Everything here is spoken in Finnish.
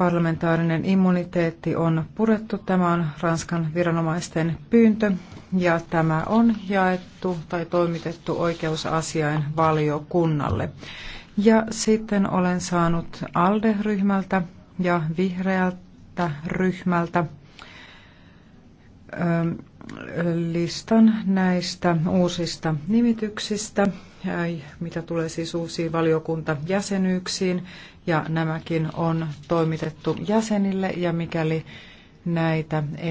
parlamentaarinen immuniteetti on purettu. Tämä on Ranskan viranomaisten pyyntö ja tämä on jaettu tai toimitettu oikeusasiain valiokunnalle. Ja sitten olen saanut ALDE-ryhmältä ja vihreältä ryhmältä listan näistä uusista nimityksistä, äh, mitä tulee siis uusiin valiokuntajäsenyyksiin, ja nämäkin on toimitettu jäsenille, ja mikäli näitä ei